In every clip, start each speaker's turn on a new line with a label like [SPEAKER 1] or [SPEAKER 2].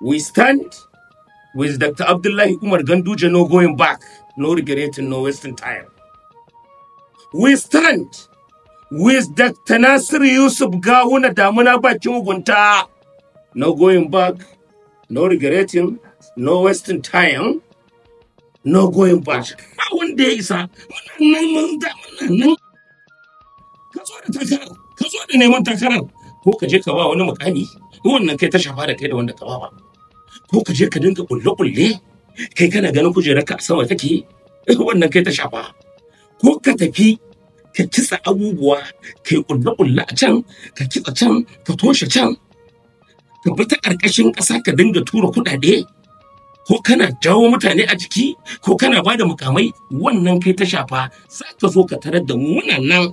[SPEAKER 1] We stand with Dr. Abdullahi Umar Ganduje, no going back, no regretting, no wasting time. We stand with Dr. Nasir Yusuf Gawuna Damuna Bakin no going back, no regretting, no wasting time, no going back. One wanda ya isa, muna nan mun da nan. Ka zo da takarar, ka zo da neman takarar, ko ka je ka ba wani mukami, wannan kai ta shafa da kai da wanda ka ba ba. ko ka je ka dinga kulle-kulle kai kana ganin kujerar ka sama take wannan kai ta shafa ko ka tafi ka kitsa abubuwa ka yi kulle-kulle a can ka kitsa can ka toshe can ka bi ta ƙarƙashin ƙasa ka dinga tura kuɗaɗe ko kana jawo mutane a jiki ko kana ba da mukamai wannan kai ta shafa za ka zo ka tarar da muna nan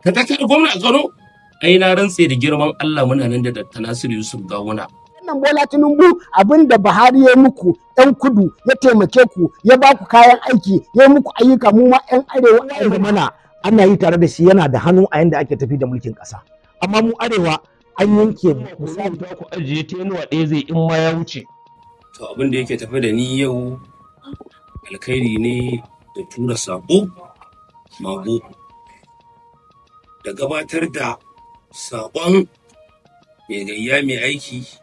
[SPEAKER 1] ka ta gwamna a tsaro ai na rantse da girman Allah muna nan da Dr. Nasiru Yusuf Gawuna. wannan Bola Tinubu Abinda Buhari ya muku 'yan kudu ya taimake ku ya ba ku kayan aiki ya muku ayyuka mu ma 'yan arewa ya mana ana yi tare da shi yana da hannu a yanda ake tafi da mulkin ƙasa amma mu arewa an yanke sai ta ku ajiye tenuwa ɗaya zai in ma ya wuce to abin da yake tafi da ni yau alkhairi ne da tura sabo, mago da gabatar da sabon mai gayya mai aiki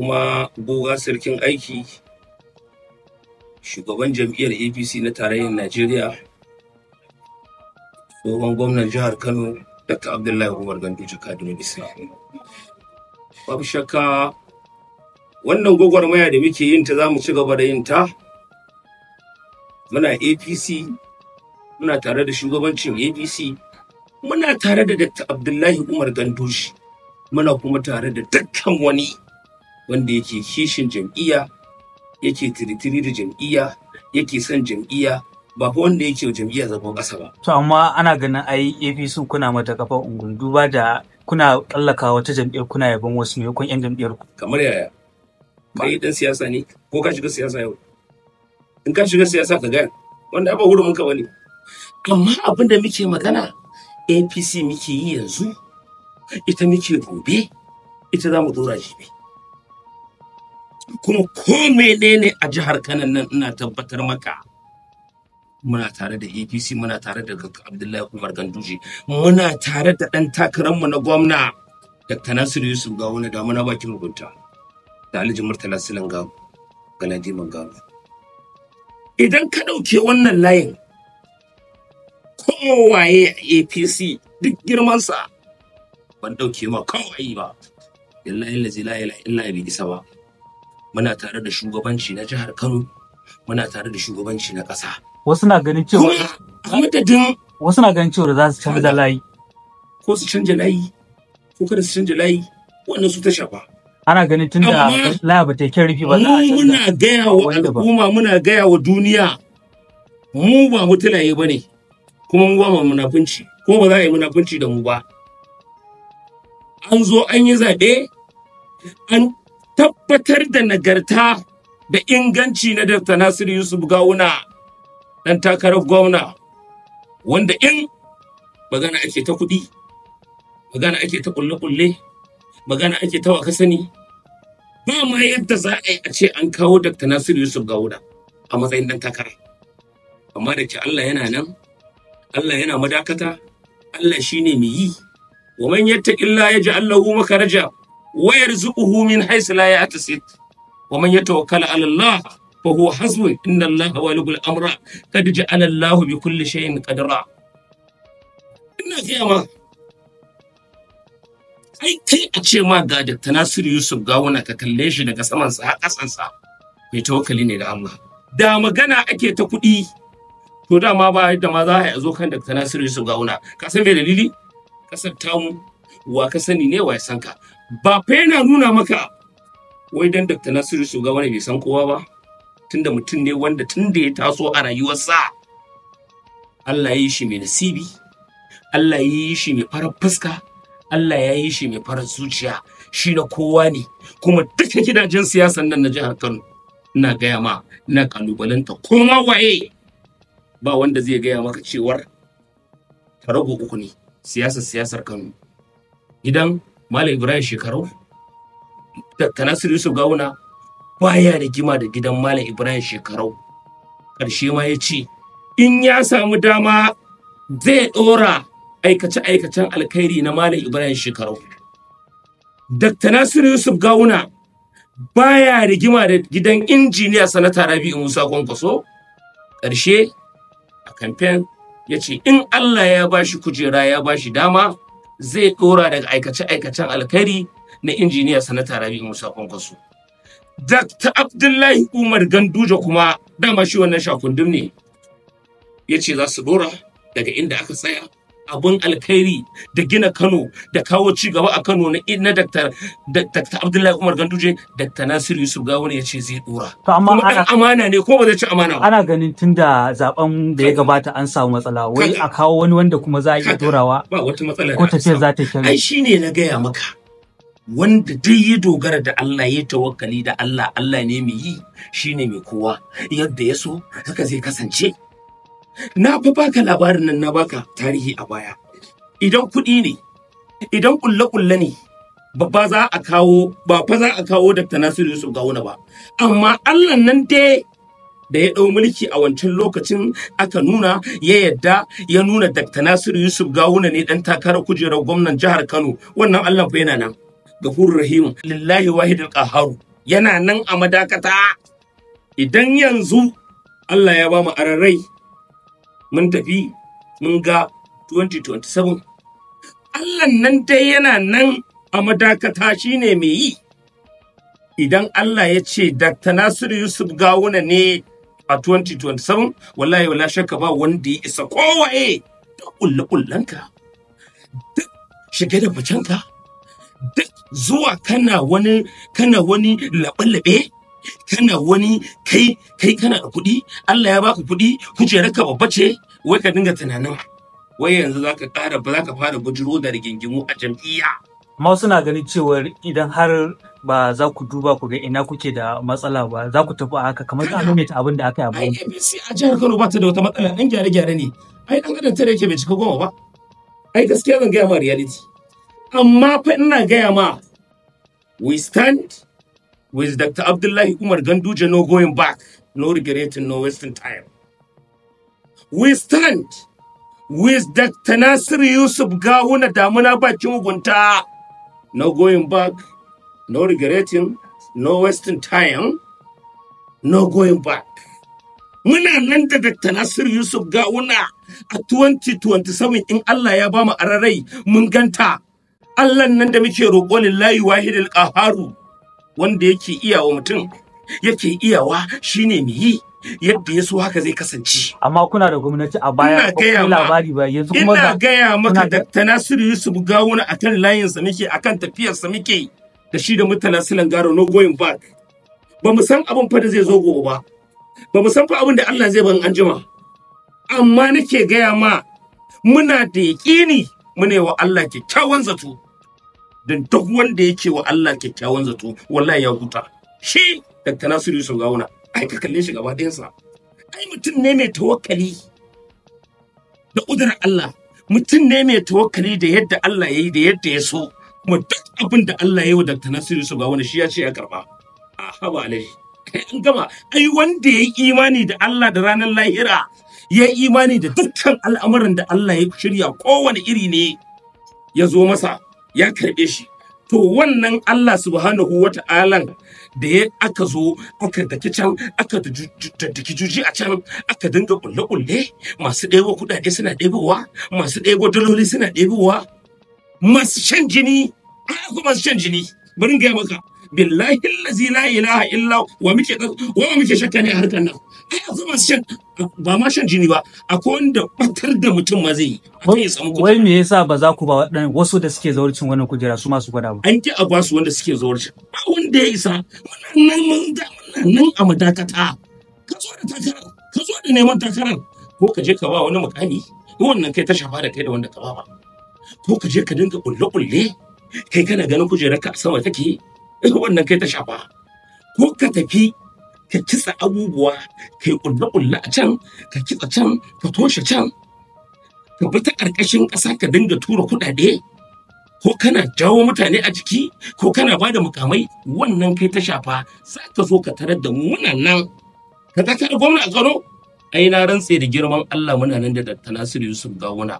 [SPEAKER 1] kuma goga sarkin aiki shugaban jam'iyyar apc na tarayyar najeriya tsohon gwamnan jihar kano dr abdullahi umar ganduje kaduna bisa. babu shakka wannan gwagwarmaya da muke yin ta za mu ci gaba da yin ta muna apc muna tare da shugabancin apc muna tare da dr abdullahi umar gandushi muna kuma tare da dukkan wani wanda yake kishin jam'iyya yake tiritiri da jam'iyya yake son jam'iyya ba fa wanda yake jam'iyya zagon ƙasa ba. To amma ana ganin ai APC kuna mata kafa ungun duba da kuna tsallaka wata jam'iyyar kuna yabon wasu maimakon 'yan jam'iyyar ku. Kamar yaya? yi dan siyasa ne ko ka shiga siyasa yau? In ka shiga siyasa ka gaya wanda ba hurumin ka ne. Amma abin da muke magana APC muke yi yanzu ita muke gobe ita za mu dora jibi. kuma ko menene a jihar Kano nan ina tabbatar maka muna tare da apc muna tare da abdullahi umar ganduje muna tare da ɗan mu na gwamna dr nasiru yusuf ga wani da muna bakin rubuta da alhaji murtala silan ga galadi Mangaba idan ka ɗauke wannan layin kowaye a apc duk girmansa ban ɗauke ma kawai ba illahi la ilaha illa bi isa ba muna tare da shugabanci na jihar Kano muna tare da shugabanci na ƙasa. Wasu na ganin cewa madadin wasu na ganin cewa za su canza layi. Ko su canja layi ko kada su canja layi wannan su ta shafa. Ana ganin tun da laya ba ta yi rufi ba. Mu muna gaya wa al'umma muna gaya wa duniya mu ba mutulaye ba ne kuma mu ba mu munafunci ko ba za a yi munafunci da mu ba. An zo an yi zaɓe an tabbatar da nagarta da inganci na Dr. Nasiru Yusuf Gawuna ɗan takarar gwamna wanda in magana ake ta kuɗi, magana ake ta kulle-kulle, magana ake ta waka sani, ba ma yadda za a yi a ce an kawo Dr. Nasiru Yusuf Gawuna a matsayin ɗan takara. Amma da ke Allah yana nan, Allah yana madakata, Allah shine mai yi, wa man yattaqillah yaj'al lahu makaraja wayar yarzuquhu min haisu la yahtasib wa man tawakkala ala Allah fa huwa hasbu inna Allah walibul amra kad ja'ala Allah bi kulli shay'in qadra ina fiya ma ai kai a ce ma ga Dr. tanasir Yusuf Gawuna ka kalle shi daga saman sa kasan sa mai tawakkali ne da Allah da magana ake ta kuɗi to da ma ba yadda ma za a zo kan Dr. Nasiru Yusuf Gawuna ka san me dalili kasar tamu wa ka sani ne wa ya san ka ba fa yana nuna maka wai dan Dr. Nasiru shugaba ne bai san kowa ba tunda mutum ne wanda tunda ya taso a rayuwarsa Allah ya yi shi mai nasibi Allah ya yi shi mai farar fuska Allah ya yi shi mai farar zuciya shi na kowa ne kuma duka gidajen siyasar nan na jihar Kano ina gaya ma ina kalubalanta kuma waye ba wanda zai gaya maka cewar rago uku ne siyasar siyasar Kano gidan Malam Ibrahim Shekarau Tanasir Yusuf Gawuna baya da gima da gidan Malam Ibrahim Shekarau ƙarshe ma ya ce in ya samu dama zai ɗora aikace-aikacen alkhairi na Malam Ibrahim Shekarau. Dr. Nasiru Yusuf Gawuna baya rigima da gidan injiniya sanata Rabi'u Musa Kwankwaso ƙarshe a kamfen ya ce in Allah ya bashi kujera ya bashi dama zai ɗora daga aikace-aikacen alkhairi na injiniya sanata rabi musa kwankwaso Dr. Abdullahi Umar ganduja kuma dama shi wannan shakundum ne ya ce za su dora daga inda aka tsaya abun alkhairi da gina Kano da kawo ci gaba a Kano na na Dr. Dr. Abdullahi Umar Ganduje Dr. Nasir Yusuf Gawon ya ce zai dora. To amma ana amana ne ko ba zai ci amana ba. Ana ganin tunda zaben da ya gabata an samu matsala wai a kawo wani wanda kuma za a iya dorawa. Ba wata matsala. Ko ce za ta kyau. Ai shine na gaya maka. wanda dai ya dogara da Allah ya tawakkali da Allah Allah ne mai yi shine mai kowa yadda ya so haka zai kasance na fa baka labarin nan na baka tarihi a baya idan kuɗi ne idan ƙulle-ƙulle ne babba za a kawo ba fa za a kawo Dr. Nasir Yusuf Gawuna ba amma Allah nan dai da ya ɗau mulki a wancan lokacin aka nuna ya yadda ya nuna Dr. Nasiru Yusuf Gawuna ne dan takarar kujerar gwamnan jihar Kano wannan Allah fa yana nan Gafurur Rahim lillahi wahidul Kaharu. yana nan a madakata idan yanzu Allah ya ba mu ararai mun tafi mun ga 2027 Allah nan dai yana nan a madakata shine mai yi idan Allah ya ce Dr. Nasiru Yusuf Gawuna ne a 2027 wallahi wala shakka ba wanda ya isa kowaye da kulle duk shige da bacanka duk zuwa kana wani kana wani laɓe-laɓe kana wani kai kai kana da kuɗi Allah ya baka kuɗi kujerarka babba ce wai ka dinga tunanin wai yanzu zaka ƙara ba zaka fara bujiro da rigingimu a jam'iyya amma suna ganin cewar idan har ba za ku duba ku ga ina kuke da matsala ba za ku tafi a haka kamar ka nome ta abin da aka yi a APC a jihar Kano ba ta da wata matsala dan gyare-gyare ne ai dan adam tare yake bai cika goma ba ai gaskiya zan gaya ma reality amma fa ina gaya ma we stand with Dr. Abdullahi Umar Ganduje no going back, no regretting, no wasting time. We stand with Dr. Nasir Yusuf Gawuna Damuna Bakin Gunta, no going back, no regretting, no wasting time, no going back. Muna nan da Dr. Nasir Yusuf Gawuna a 2027 in Allah ya ba mu ararai mun ganta. Allah nan da muke roƙo lillahi wahidil qaharu wanda yake iyawa mutum yake iyawa shine mai yi yadda ya so haka zai kasance. Amma kuna da gwamnati a baya ba labari ba yanzu kuma Ina gaya maka da ta Nasiru Yusuf Gawuna a kan layinsa muke a kan tafiyarsa muke da shi da mutala silan garo no going back. Ba mu san abin fa da zai zo gobe ba. Ba mu san fa abin da Allah zai ban anjima. Amma nake gaya ma muna da yaƙini muna wa Allah kyakkyawan zato. don duk wanda yake wa Allah kyakkyawan zato wallahi ya huta shi Dr. Nasiru su gauna ai ka kalle shi gaba ɗayansa ai mutum ne mai tawakkali da ƙudurar Allah mutum ne mai tawakkali da yadda Allah ya yi da yadda ya so kuma duk abin da Allah ya yi wa Dr. Nasiru su gauna shi ya ce ya karba a haba alaihi an gama ai wanda ya yi imani da Allah da ranar lahira ya yi imani da dukkan al'amuran da Allah ya shirya kowane iri ne ya zo masa ya karɓe shi to wannan Allah subhanahu wa ta'ala da ya aka zo aka daki can aka daki juji a can aka dinga kulle-kulle masu ɗebo kuɗaɗe suna ɗebowa masu ɗebo daloli suna ɗebowa masu shan jini ko masu shan jini bari gaya maka billahi allazi la ilaha illa wa muke wa muke shakka ne nan yanzu ba shan ba ma shan jini ba akwai wanda batar da mutum ma zai yi akwai ya samu wai me yasa ba za ku ba waɗannan wasu da suke zawarcin wannan kujera su masu su gwada ba an ki a basu wanda suke zawarcin ba wanda ya isa nan da nan a madakata ka zo da takarar ka zo da neman takarar ko ka je ka ba wani mukami wannan kai ta shafa da kai da wanda ka ba ba ko ka je ka dinga kulle-kulle kai kana ganin kujerar ka sama take wannan kai ta shafa ko ka tafi ka kitsa abubuwa ka yi ƙulle-ƙulle a can ka kitsa can ka toshe can ka bi ta ƙarƙashin ƙasa ka dinga tura kuɗaɗe ko kana jawo mutane a jiki ko kana ba da mukamai wannan kai ta shafa za ka zo ka tarar da muna nan ka ga kada gwamna a tsaro ai na rantse da girman Allah muna nan da Dr. Nasiru Yusuf Gawuna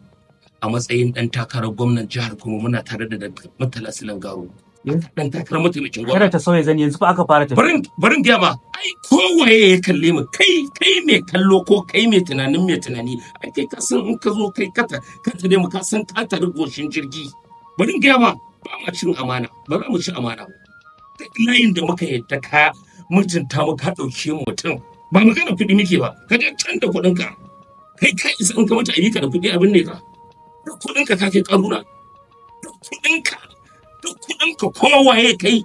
[SPEAKER 1] a matsayin ɗan takarar gwamnan jihar kuma muna tare da Dr. Murtala Gawuna dan takarar mataimakin gwamna. Kada ta sauya zani yanzu fa aka fara ta. Barin barin gaya ai kowaye ya kalle mu kai kai mai kallo ko kai me tunanin me tunani ai kai ka san in ka zo kai kata kata ne mu ka san ka tare goshin jirgi. Barin gaya ba ma cin amana ba za mu ci amana ba. Duk layin da muka yadda ka mutunta mu ka ɗauke mu mutum ba magana kuɗi muke ba ka je can da kuɗinka kai ka isa in ka mata ayyuka da kuɗi abin ne ka da kuɗinka ka kai ƙaruna da kuɗinka duk kuɗin ka kowa ya kai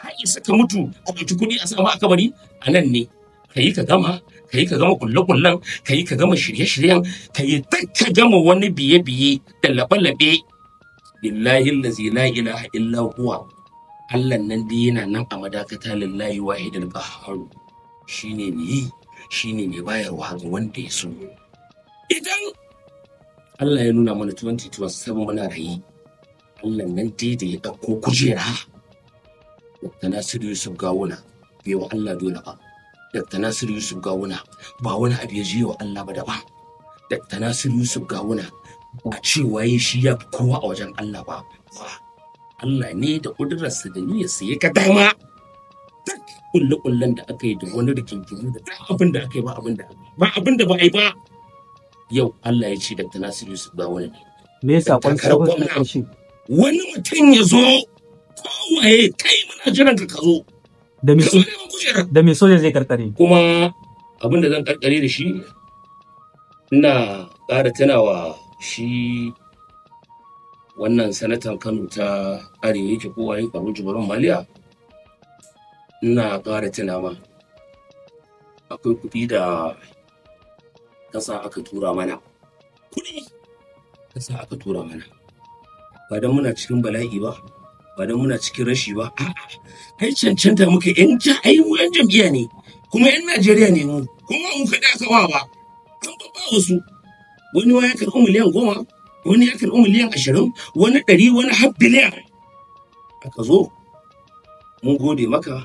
[SPEAKER 1] ka isa ka mutu a ɗauki kuɗi a sama akabari a nan ne ka yi ka gama ka yi ka gama kulle-kullen ka yi ka gama shirye-shiryen ka yi ka gama wani biye-biye da laɓe-laɓe billahi allazi la ilaha illa huwa Allah nan dai yana nan a madakata lillahi wahidul qahhar shine ne yi shine ne bayarwa ga wanda ya so idan Allah ya nuna mana 2027 muna rayi Wannan nan dai da ya ɗauko kujera Dr. Nasir Yusuf Gawuna bai wa Allah dole ba Dr. Nasir Yusuf Gawuna ba wani abu ya je wa Allah ba daban Dr. Nasir Yusuf Gawuna ba cewa ya shi ya fi kowa a wajen Allah ba Allah ne da ƙudurarsa da niyyarsa ya ka dama duk kulle-kullen da aka yi da wani rikinkinu da duk abin da aka yi ba abin da ba abin da ba a yi ba yau Allah ya ce Dr Nasir Yusuf Gawuna ne me yasa kwan sabon shi wani mutum ya zo kowaye kai muna jiran ka zo da mai soja zai karkare kuma abin da zan karkare da shi ina ƙara tunawa shi wannan sanatan kano ta arewa yake kowa yin karo jibirin maliya ina ƙara tana ma akwai kuɗi da kasa aka tura mana kuɗi kasa aka tura mana ba don muna cikin bala'i ba ba don muna cikin rashi ba kai cancanta muka yan ai jam'iyya ne kuma yan najeriya ne mu kuma mu kaɗa aka wa ba an ba wasu wani ya karɓi miliyan goma wani ya karɓi miliyan ashirin wani ɗari wani har biliyan aka zo mun gode maka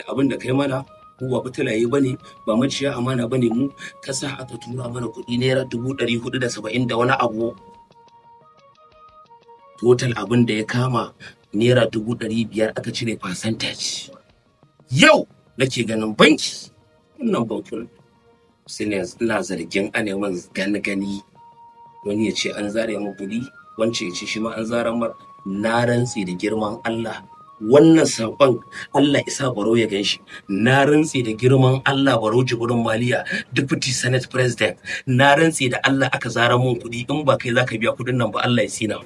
[SPEAKER 1] da abin da kai mana mu ba fitilaye ba ne ba maciya amana ba ne mu ka sa aka tura mana kuɗi naira dubu ɗari hudu da saba'in da wani abu total abin da ya kama naira dubu ɗari biyar aka cire percentage yau nake ganin banki wannan bankin sai ne ina zargin a neman gani gani wani ya ce an zare mu kuɗi wance ya ce shi ma an zara mar na rantse da girman Allah wannan saƙon Allah isa baro ya gan shi na rantse da girman Allah baro jibrin maliya deputy senate president na rantse da Allah aka zara mun kuɗi in ba kai zaka biya kuɗin nan ba Allah ya sina